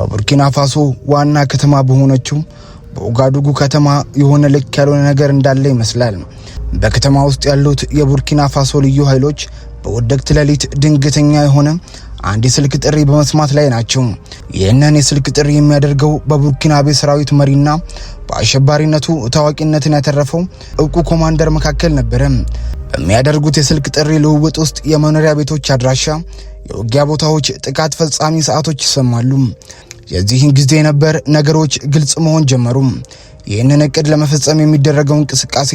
በቡርኪና ፋሶ ዋና ከተማ በሆነችው በኡጋዱጉ ከተማ የሆነ ልክ ያልሆነ ነገር እንዳለ ይመስላል። በከተማ ውስጥ ያሉት የቡርኪና ፋሶ ልዩ ኃይሎች በውድቅት ሌሊት ድንገተኛ የሆነ አንድ የስልክ ጥሪ በመስማት ላይ ናቸው። ይህንን የስልክ ጥሪ የሚያደርገው በቡርኪናቤ ሰራዊት መሪና በአሸባሪነቱ ታዋቂነትን ያተረፈው እውቁ ኮማንደር መካከል ነበረ። በሚያደርጉት የስልክ ጥሪ ልውውጥ ውስጥ የመኖሪያ ቤቶች አድራሻ፣ የውጊያ ቦታዎች፣ ጥቃት ፈጻሚ ሰዓቶች ይሰማሉ። የዚህን ጊዜ ነበር ነገሮች ግልጽ መሆን ጀመሩ። ይህንን እቅድ ለመፈጸም የሚደረገው እንቅስቃሴ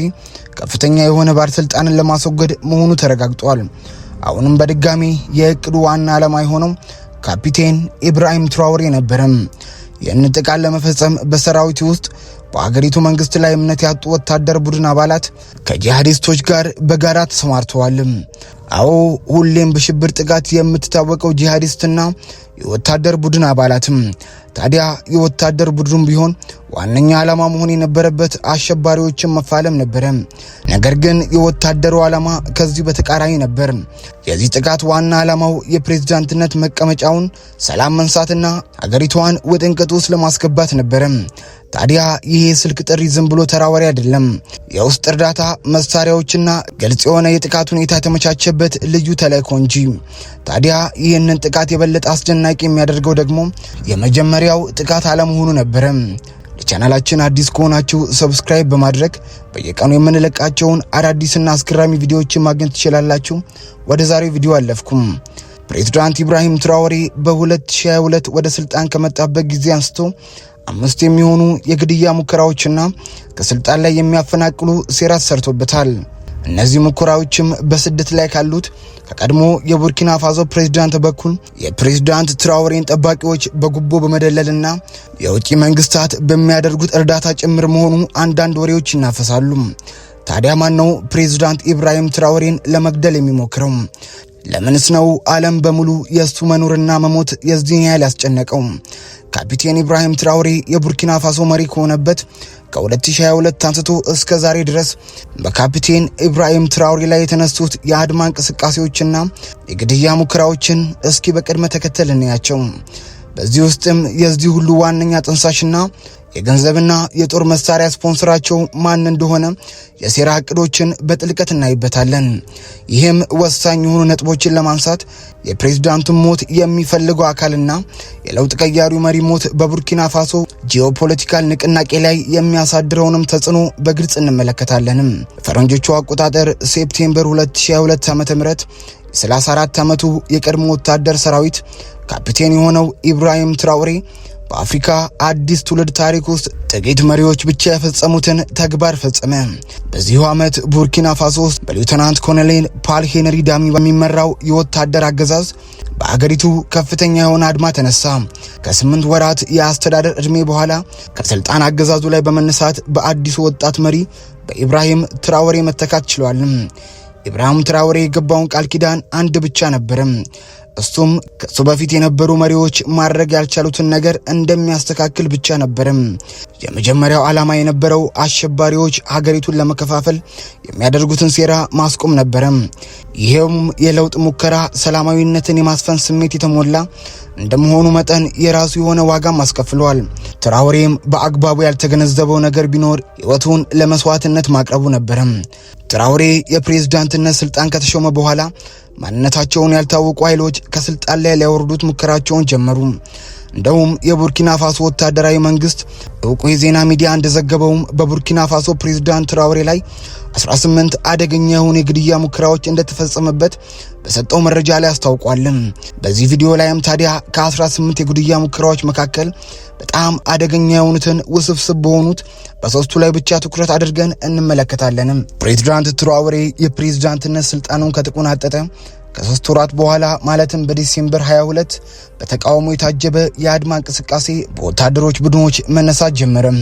ከፍተኛ የሆነ ባለስልጣንን ለማስወገድ መሆኑ ተረጋግጧል። አሁንም በድጋሚ የእቅዱ ዋና ዓላማ የሆነው ካፒቴን ኢብራሂም ትራውሬ ነበረም። ይህን ጥቃት ለመፈጸም በሰራዊቱ ውስጥ በሀገሪቱ መንግስት ላይ እምነት ያጡ ወታደር ቡድን አባላት ከጂሃዲስቶች ጋር በጋራ ተሰማርተዋል። አዎ ሁሌም በሽብር ጥቃት የምትታወቀው ጂሃዲስትና የወታደር ቡድን አባላትም ታዲያ የወታደር ቡድኑም ቢሆን ዋነኛ ዓላማ መሆን የነበረበት አሸባሪዎችን መፋለም ነበረ። ነገር ግን የወታደሩ ዓላማ ከዚህ በተቃራኒ ነበር። የዚህ ጥቃት ዋና ዓላማው የፕሬዝዳንትነት መቀመጫውን ሰላም መንሳትና አገሪቷን ውጥንቅጥ ውስጥ ለማስገባት ነበረ። ታዲያ ይህ የስልክ ጥሪ ዝም ብሎ ተራወሪ አይደለም። የውስጥ እርዳታ መሳሪያዎችና ግልጽ የሆነ የጥቃት ሁኔታ የተመቻቸበት ልዩ ተልዕኮ እንጂ። ታዲያ ይህንን ጥቃት የበለጠ አስደና አስደናቂ የሚያደርገው ደግሞ የመጀመሪያው ጥቃት አለመሆኑ ነበረ። ለቻናላችን አዲስ ከሆናችሁ ሰብስክራይብ በማድረግ በየቀኑ የምንለቃቸውን አዳዲስና አስገራሚ ቪዲዮዎችን ማግኘት ትችላላችሁ። ወደ ዛሬው ቪዲዮ አለፍኩም። ፕሬዝዳንት ኢብራሂም ትራኦሬ በ2022 ወደ ስልጣን ከመጣበት ጊዜ አንስቶ አምስት የሚሆኑ የግድያ ሙከራዎችና ከስልጣን ላይ የሚያፈናቅሉ ሴራ ሰርቶበታል። እነዚህ ሙከራዎችም በስደት ላይ ካሉት ከቀድሞ የቡርኪና ፋሶ ፕሬዝዳንት በኩል የፕሬዝዳንት ትራውሬን ጠባቂዎች በጉቦ በመደለልና የውጭ መንግስታት በሚያደርጉት እርዳታ ጭምር መሆኑ አንዳንድ ወሬዎች ይናፈሳሉ። ታዲያ ማን ነው ፕሬዝዳንት ኢብራሂም ትራውሬን ለመግደል የሚሞክረው? ለምንስ ነው ዓለም በሙሉ የእሱ መኖርና መሞት የዚህን ያህል ያስጨነቀው? ካፒቴን ኢብራሂም ትራውሬ የቡርኪና ፋሶ መሪ ከሆነበት ከ2022 አንስቶ እስከ ዛሬ ድረስ በካፒቴን ኢብራሂም ትራውሬ ላይ የተነሱት የአድማ እንቅስቃሴዎችና የግድያ ሙከራዎችን እስኪ በቅድመ ተከተል እንያቸው። በዚህ ውስጥም የዚህ ሁሉ ዋነኛ ጥንሳሽና የገንዘብና የጦር መሳሪያ ስፖንሰራቸው ማን እንደሆነ የሴራ እቅዶችን በጥልቀት እናይበታለን። ይህም ወሳኝ የሆኑ ነጥቦችን ለማንሳት የፕሬዝዳንቱን ሞት የሚፈልገው አካልና የለውጥ ቀያሪው መሪ ሞት በቡርኪና ፋሶ ጂኦፖለቲካል ንቅናቄ ላይ የሚያሳድረውንም ተጽዕኖ በግልጽ እንመለከታለንም። ፈረንጆቹ አቆጣጠር ሴፕቴምበር 2022 ዓ ም የ34 ዓመቱ የቀድሞ ወታደር ሰራዊት ካፒቴን የሆነው ኢብራሂም ትራውሬ በአፍሪካ አዲስ ትውልድ ታሪክ ውስጥ ጥቂት መሪዎች ብቻ የፈጸሙትን ተግባር ፈጸመ። በዚሁ ዓመት ቡርኪና ፋሶ ውስጥ በሌውተናንት ኮሎኔል ፓል ሄነሪ ዳሚ በሚመራው የወታደር አገዛዝ በአገሪቱ ከፍተኛ የሆነ አድማ ተነሳ። ከስምንት ወራት የአስተዳደር ዕድሜ በኋላ ከስልጣን አገዛዙ ላይ በመነሳት በአዲሱ ወጣት መሪ በኢብራሂም ትራወሬ መተካት ችሏል። ኢብራሂም ትራወሬ የገባውን ቃል ኪዳን አንድ ብቻ ነበርም እሱም ከሱ በፊት የነበሩ መሪዎች ማድረግ ያልቻሉትን ነገር እንደሚያስተካክል ብቻ ነበርም። የመጀመሪያው ዓላማ የነበረው አሸባሪዎች ሀገሪቱን ለመከፋፈል የሚያደርጉትን ሴራ ማስቆም ነበርም። ይሄውም የለውጥ ሙከራ ሰላማዊነትን የማስፈን ስሜት የተሞላ እንደመሆኑ መጠን የራሱ የሆነ ዋጋም አስከፍሏል። ትራውሬም በአግባቡ ያልተገነዘበው ነገር ቢኖር ሕይወቱን ለመስዋዕትነት ማቅረቡ ነበረም። ትራውሬ የፕሬዝዳንትነት ስልጣን ከተሾመ በኋላ ማንነታቸውን ያልታወቁ ኃይሎች ከስልጣን ላይ ሊያወርዱት ሙከራቸውን ጀመሩ። እንደውም የቡርኪና ፋሶ ወታደራዊ መንግስት እውቁ የዜና ሚዲያ እንደዘገበውም በቡርኪና ፋሶ ፕሬዝዳንት ትራውሬ ላይ 18 አደገኛ የሆኑ የግድያ ሙከራዎች እንደተፈጸመበት በሰጠው መረጃ ላይ አስታውቋልም። በዚህ ቪዲዮ ላይም ታዲያ ከ18 የግድያ ሙከራዎች መካከል በጣም አደገኛ የሆኑትን ውስብስብ በሆኑት በሶስቱ ላይ ብቻ ትኩረት አድርገን እንመለከታለንም። ፕሬዚዳንት ትራውሬ የፕሬዚዳንትነት ስልጣኑን ከተቆናጠጠ ከሶስት ወራት በኋላ ማለትም በዲሴምበር 22 በተቃውሞ የታጀበ የአድማ እንቅስቃሴ በወታደሮች ቡድኖች መነሳት ጀመረም።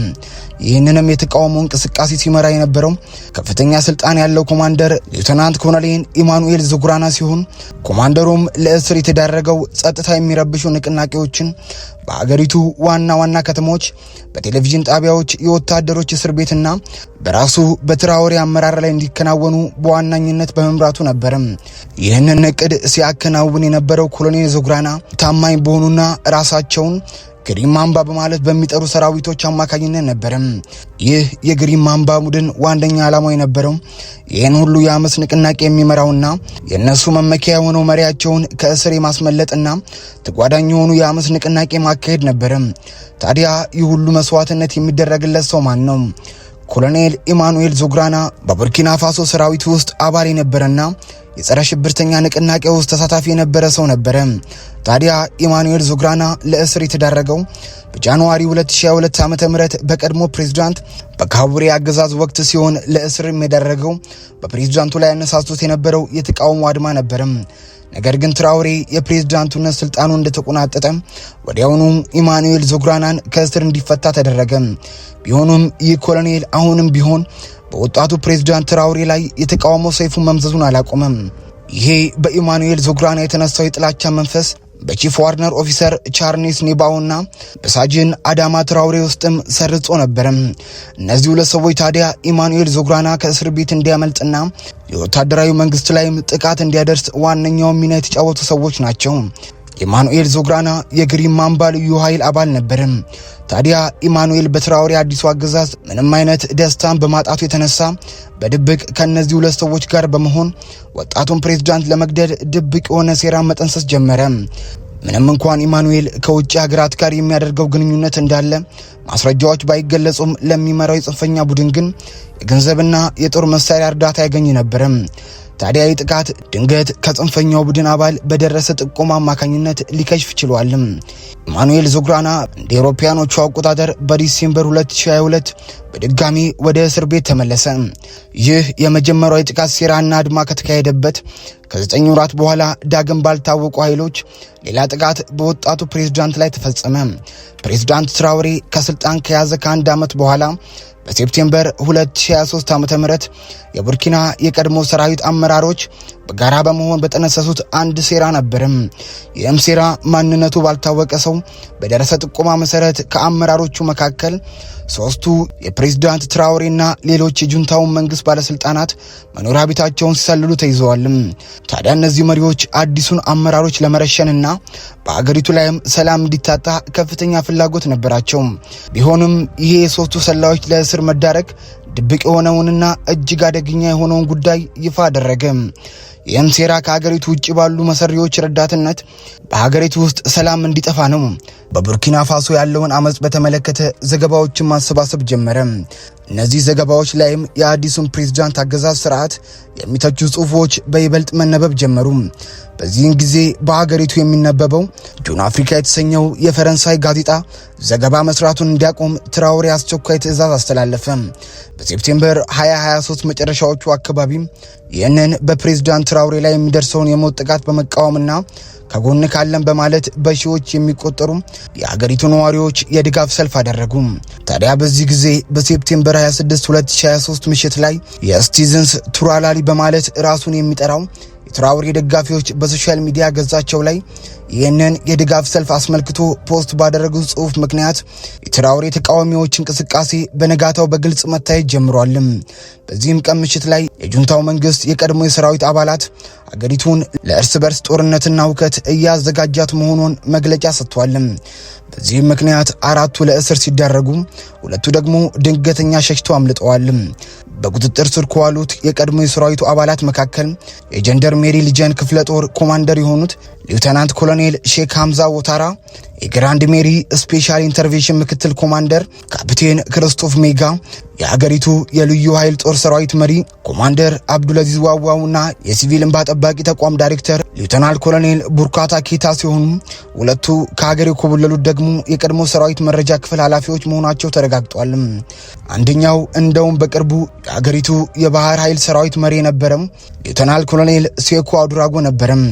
ይህንንም የተቃውሞ እንቅስቃሴ ሲመራ የነበረው ከፍተኛ ስልጣን ያለው ኮማንደር ሌውተናንት ኮሎኔል ኢማኑኤል ዝጉራና ሲሆን ኮማንደሩም ለእስር የተዳረገው ጸጥታ የሚረብሹ ንቅናቄዎችን በአገሪቱ ዋና ዋና ከተሞች በቴሌቪዥን ጣቢያዎች የወታደሮች እስር ቤትና በራሱ በትራኦሬ አመራር ላይ እንዲከናወኑ በዋናኝነት በመምራቱ ነበርም ይህንን ይህን እቅድ ሲያከናውን የነበረው ኮሎኔል ዞግራና ታማኝ በሆኑና ራሳቸውን ግሪን ማምባ በማለት በሚጠሩ ሰራዊቶች አማካኝነት ነበርም። ይህ የግሪን ማምባ ቡድን ዋነኛ ዓላማው የነበረው ይህን ሁሉ የአመፅ ንቅናቄ የሚመራውና የእነሱ መመኪያ የሆነው መሪያቸውን ከእስር የማስመለጥና ተጓዳኝ የሆኑ የአመፅ ንቅናቄ ማካሄድ ነበርም። ታዲያ ይህ ሁሉ መስዋዕትነት የሚደረግለት ሰው ማን ነው? ኮሎኔል ኢማኑኤል ዞግራና በቡርኪና ፋሶ ሰራዊት ውስጥ አባል የነበረና የጸረ ሽብርተኛ ንቅናቄ ውስጥ ተሳታፊ የነበረ ሰው ነበረ። ታዲያ ኢማኑኤል ዞግራና ለእስር የተዳረገው በጃንዋሪ 2022 ዓ ም በቀድሞ ፕሬዝዳንት በካቡሬ አገዛዝ ወቅት ሲሆን ለእስር የዳረገው በፕሬዚዳንቱ ላይ ያነሳስቶት የነበረው የተቃውሞ አድማ ነበረም። ነገር ግን ትራውሬ የፕሬዝዳንቱነት ስልጣኑ እንደተቆናጠጠ ወዲያውኑ ኢማኑኤል ዞግራናን ከእስር እንዲፈታ ተደረገ። ቢሆኑም ይህ ኮሎኔል አሁንም ቢሆን በወጣቱ ፕሬዝዳንት ትራውሬ ላይ የተቃውሞ ሰይፉን መምዘዙን አላቆመም። ይሄ በኢማኑኤል ዞግራና የተነሳው የጥላቻ መንፈስ በቺፍ ዋርነር ኦፊሰር ቻርኒስ ኔባውና በሳጅን አዳማ ትራውሬ ውስጥም ሰርጾ ነበርም። እነዚህ ሁለት ሰዎች ታዲያ ኢማኑኤል ዞግራና ከእስር ቤት እንዲያመልጥና የወታደራዊ መንግስት ላይም ጥቃት እንዲያደርስ ዋነኛውን ሚና የተጫወቱ ሰዎች ናቸው። ኢማኑኤል ዞግራና የግሪን ልዩ ኃይል አባል ነበርም። ታዲያ ኢማኑኤል በትራኦሬ አዲሱ አገዛዝ ምንም አይነት ደስታን በማጣቱ የተነሳ በድብቅ ከእነዚህ ሁለት ሰዎች ጋር በመሆን ወጣቱን ፕሬዝዳንት ለመግደል ድብቅ የሆነ ሴራ መጠንሰስ ጀመረ። ምንም እንኳን ኢማኑኤል ከውጭ ሀገራት ጋር የሚያደርገው ግንኙነት እንዳለ ማስረጃዎች ባይገለጹም ለሚመራው የጽንፈኛ ቡድን ግን የገንዘብና የጦር መሳሪያ እርዳታ ያገኝ ነበረም። ታዲያ ይህ ጥቃት ድንገት ከጽንፈኛው ቡድን አባል በደረሰ ጥቆማ አማካኝነት ሊከሽፍ ችሏልም። ኢማኑኤል ዞግራና እንደ ኤሮፓያኖቹ አቆጣጠር በዲሴምበር 2022 በድጋሚ ወደ እስር ቤት ተመለሰ። ይህ የመጀመሪያው የጥቃት ሴራና አድማ ከተካሄደበት ከዘጠኝ ወራት በኋላ ዳግም ባልታወቁ ኃይሎች ሌላ ጥቃት በወጣቱ ፕሬዝዳንት ላይ ተፈጸመ። ፕሬዝዳንት ትራውሬ ከስልጣን ከያዘ ከአንድ ዓመት በኋላ በሴፕቴምበር 2023 ዓ.ም የቡርኪና የቀድሞ ሰራዊት አመራሮች በጋራ በመሆን በጠነሰሱት አንድ ሴራ ነበርም። ይህም ሴራ ማንነቱ ባልታወቀ ሰው በደረሰ ጥቆማ መሰረት ከአመራሮቹ መካከል ሶስቱ የፕሬዝዳንት ትራውሬና ሌሎች የጁንታውን መንግስት ባለስልጣናት መኖሪያ ቤታቸውን ሲሰልሉ ተይዘዋልም። ታዲያ እነዚህ መሪዎች አዲሱን አመራሮች ለመረሸንና በአገሪቱ ላይም ሰላም እንዲታጣ ከፍተኛ ፍላጎት ነበራቸው። ቢሆንም ይሄ የሶስቱ ሰላዮች ለ ለእስር መዳረግ ድብቅ የሆነውንና እጅግ አደገኛ የሆነውን ጉዳይ ይፋ አደረገ። ይህም ሴራ ከሀገሪቱ ውጭ ባሉ መሰሪዎች ረዳትነት በሀገሪቱ ውስጥ ሰላም እንዲጠፋ ነው። በቡርኪና ፋሶ ያለውን አመፅ በተመለከተ ዘገባዎችን ማሰባሰብ ጀመረ። እነዚህ ዘገባዎች ላይም የአዲሱን ፕሬዝዳንት አገዛዝ ስርዓት የሚተቹ ጽሁፎች በይበልጥ መነበብ ጀመሩ። በዚህን ጊዜ በሀገሪቱ የሚነበበው ጁን አፍሪካ የተሰኘው የፈረንሳይ ጋዜጣ ዘገባ መስራቱን እንዲያቆም ትራውሬ አስቸኳይ ትዕዛዝ አስተላለፈ። በሴፕቴምበር 2023 መጨረሻዎቹ አካባቢም ይህንን በፕሬዝዳንት ትራውሬ ላይ የሚደርሰውን የሞት ጥቃት በመቃወምና ከጎን ካለን በማለት በሺዎች የሚቆጠሩ የሀገሪቱ ነዋሪዎች የድጋፍ ሰልፍ አደረጉ። ታዲያ በዚህ ጊዜ በሴፕቴምበር 26 2023 ምሽት ላይ የስቲዝንስ ቱራላሊ በማለት ራሱን የሚጠራው የትራውሬ ደጋፊዎች በሶሻል ሚዲያ ገጻቸው ላይ ይህንን የድጋፍ ሰልፍ አስመልክቶ ፖስት ባደረጉት ጽሑፍ ምክንያት የትራውሬ ተቃዋሚዎች እንቅስቃሴ በነጋታው በግልጽ መታየት ጀምሯልም። በዚህም ቀን ምሽት ላይ የጁንታው መንግስት የቀድሞ የሰራዊት አባላት አገሪቱን ለእርስ በርስ ጦርነትና ሁከት እያዘጋጃት መሆኑን መግለጫ ሰጥቷልም። በዚህም ምክንያት አራቱ ለእስር ሲዳረጉ፣ ሁለቱ ደግሞ ድንገተኛ ሸሽተው አምልጠዋልም። በቁጥጥር ስር ከዋሉት የቀድሞ የሰራዊቱ አባላት መካከል የጀንደርሜሪ ሊጀን ክፍለ ጦር ኮማንደር የሆኑት ሊውተናንት ኮሎኔል ሼክ ሀምዛ ወታራ፣ የግራንድ ሜሪ ስፔሻል ኢንተርቬንሽን ምክትል ኮማንደር ካፕቴን ክርስቶፍ ሜጋ፣ የሀገሪቱ የልዩ ኃይል ጦር ሰራዊት መሪ ኮማንደር አብዱልአዚዝ ዋዋውና የሲቪል እንባ ጠባቂ ተቋም ዳይሬክተር ሊውተናል ኮሎኔል ቡርካታ ኬታ ሲሆኑ ሁለቱ ከሀገር የኮበለሉት ደግሞ የቀድሞ ሰራዊት መረጃ ክፍል ኃላፊዎች መሆናቸው ተረጋግጧል። አንደኛው እንደውም በቅርቡ የሀገሪቱ የባህር ኃይል ሰራዊት መሪ የነበረም ሊውተናል ኮሎኔል ሴኮ አዱራጎ ነበረም።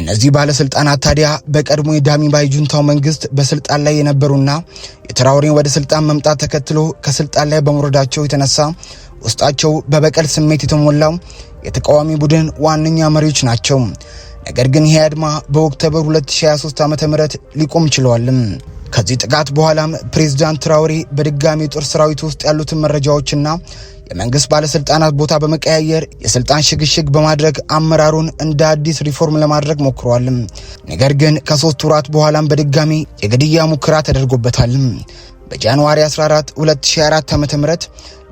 እነዚህ ባለስልጣናት ታዲያ በቀድሞ የዳሚ ባይ ጁንታው መንግስት በስልጣን ላይ የነበሩና የትራውሬን ወደ ስልጣን መምጣት ተከትሎ ከስልጣን ላይ በመውረዳቸው የተነሳ ውስጣቸው በበቀል ስሜት የተሞላው የተቃዋሚ ቡድን ዋነኛ መሪዎች ናቸው። ነገር ግን ይሄ አድማ በኦክቶበር 2023 ዓ.ም ሊቆም ችለዋልም። ከዚህ ጥቃት በኋላም ፕሬዝዳንት ትራውሬ በድጋሚ ጦር ሰራዊት ውስጥ ያሉትን መረጃዎችና የመንግስት ባለስልጣናት ቦታ በመቀያየር የስልጣን ሽግሽግ በማድረግ አመራሩን እንደ አዲስ ሪፎርም ለማድረግ ሞክሯል። ነገር ግን ከሶስት ወራት በኋላም በድጋሚ የግድያ ሙከራ ተደርጎበታል በጃንዋሪ 14 2004 ዓ.ም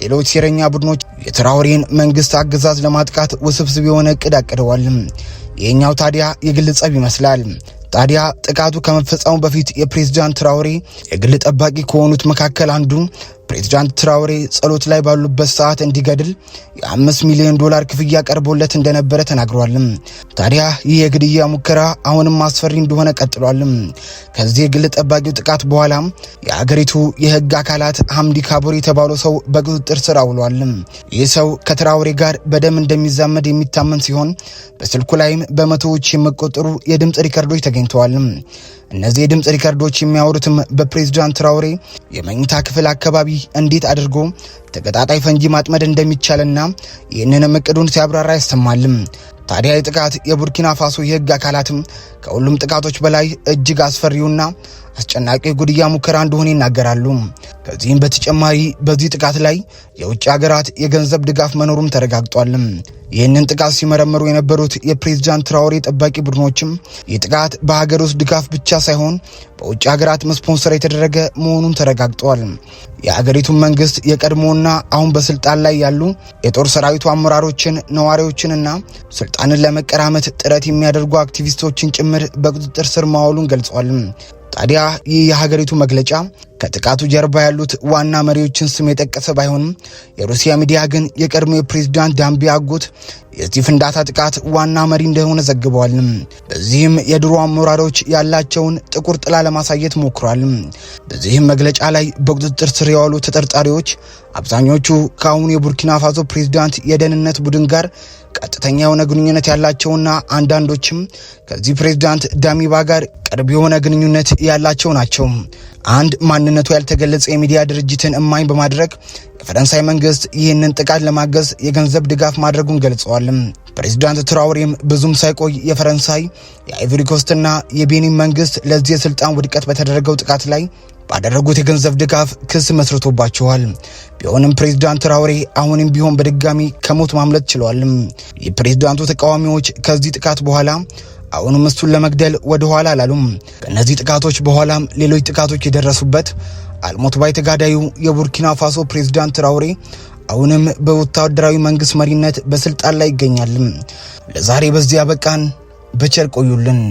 ሌሎች ሴረኛ ቡድኖች የትራውሬን መንግስት አገዛዝ ለማጥቃት ውስብስብ የሆነ እቅድ አቅደዋል። ይህኛው ታዲያ የግል ጸብ ይመስላል። ታዲያ ጥቃቱ ከመፈጸሙ በፊት የፕሬዝዳንት ትራውሬ የግል ጠባቂ ከሆኑት መካከል አንዱ ፕሬዚዳንት ትራውሬ ጸሎት ላይ ባሉበት ሰዓት እንዲገድል የአምስት ሚሊዮን ዶላር ክፍያ ቀርቦለት እንደነበረ ተናግሯልም። ታዲያ ይህ የግድያ ሙከራ አሁንም አስፈሪ እንደሆነ ቀጥሏልም። ከዚህ የግል ጠባቂው ጥቃት በኋላም የአገሪቱ የህግ አካላት ሀምዲ ካቡር የተባለው ሰው በቁጥጥር ስር አውሏልም። ይህ ሰው ከትራውሬ ጋር በደም እንደሚዛመድ የሚታመን ሲሆን በስልኩ ላይም በመቶዎች የሚቆጠሩ የድምፅ ሪከርዶች ተገኝተዋልም። እነዚህ የድምፅ ሪከርዶች የሚያወሩትም በፕሬዚዳንት ትራውሬ የመኝታ ክፍል አካባቢ እንዴት አድርጎ ተቀጣጣይ ፈንጂ ማጥመድ እንደሚቻልና ይህንንም እቅዱን ሲያብራራ አይሰማልም። ታዲያ የጥቃት የቡርኪና ፋሶ የህግ አካላትም ከሁሉም ጥቃቶች በላይ እጅግ አስፈሪውና አስጨናቂ ጉድያ ሙከራ እንደሆነ ይናገራሉ። ከዚህም በተጨማሪ በዚህ ጥቃት ላይ የውጭ ሀገራት የገንዘብ ድጋፍ መኖሩም ተረጋግጧል። ይህንን ጥቃት ሲመረምሩ የነበሩት የፕሬዝዳንት ትራውሬ ጠባቂ ቡድኖችም ይህ ጥቃት በሀገር ውስጥ ድጋፍ ብቻ ሳይሆን በውጭ ሀገራት ስፖንሰር የተደረገ መሆኑን ተረጋግጠዋል። የሀገሪቱን መንግስት የቀድሞና አሁን በስልጣን ላይ ያሉ የጦር ሰራዊቱ አመራሮችን፣ ነዋሪዎችንና ስልጣንን ለመቀራመት ጥረት የሚያደርጉ አክቲቪስቶችን ጭምር በቁጥጥር ስር ማዋሉን ገልጿል። ታዲያ ይህ የሀገሪቱ መግለጫ ከጥቃቱ ጀርባ ያሉት ዋና መሪዎችን ስም የጠቀሰ ባይሆንም የሩሲያ ሚዲያ ግን የቀድሞ የፕሬዚዳንት ዳምቢ አጎት የዚህ ፍንዳታ ጥቃት ዋና መሪ እንደሆነ ዘግበዋል። በዚህም የድሮ አመራሮች ያላቸውን ጥቁር ጥላ ለማሳየት ሞክሯል። በዚህም መግለጫ ላይ በቁጥጥር ስር የዋሉ ተጠርጣሪዎች አብዛኞቹ ከአሁኑ የቡርኪና ፋሶ ፕሬዚዳንት የደህንነት ቡድን ጋር ቀጥተኛ የሆነ ግንኙነት ያላቸውና አንዳንዶችም ከዚህ ፕሬዚዳንት ዳሚባ ጋር ቅርብ የሆነ ግንኙነት ያላቸው ናቸው። አንድ ማንነቱ ያልተገለጸ የሚዲያ ድርጅትን እማኝ በማድረግ የፈረንሳይ መንግስት ይህንን ጥቃት ለማገዝ የገንዘብ ድጋፍ ማድረጉን ገልጸዋል። ፕሬዚዳንት ትራውሬም ብዙም ሳይቆይ የፈረንሳይ የአይቮሪ ኮስትና የቤኒን መንግስት ለዚህ የስልጣን ውድቀት በተደረገው ጥቃት ላይ ባደረጉት የገንዘብ ድጋፍ ክስ መስርቶባቸዋል። ቢሆንም ፕሬዚዳንት ትራውሬ አሁንም ቢሆን በድጋሚ ከሞት ማምለጥ ችለዋል። የፕሬዚዳንቱ ተቃዋሚዎች ከዚህ ጥቃት በኋላ አሁንም እሱን ለመግደል ወደ ኋላ አላሉም። ከእነዚህ ጥቃቶች በኋላም ሌሎች ጥቃቶች የደረሱበት አልሞት ባይ ተጋዳዩ የቡርኪና ፋሶ ፕሬዝዳንት ትራውሬ አሁንም በወታደራዊ መንግስት መሪነት በስልጣን ላይ ይገኛል። ለዛሬ በዚህ ያበቃን። በቸር ቆዩልን።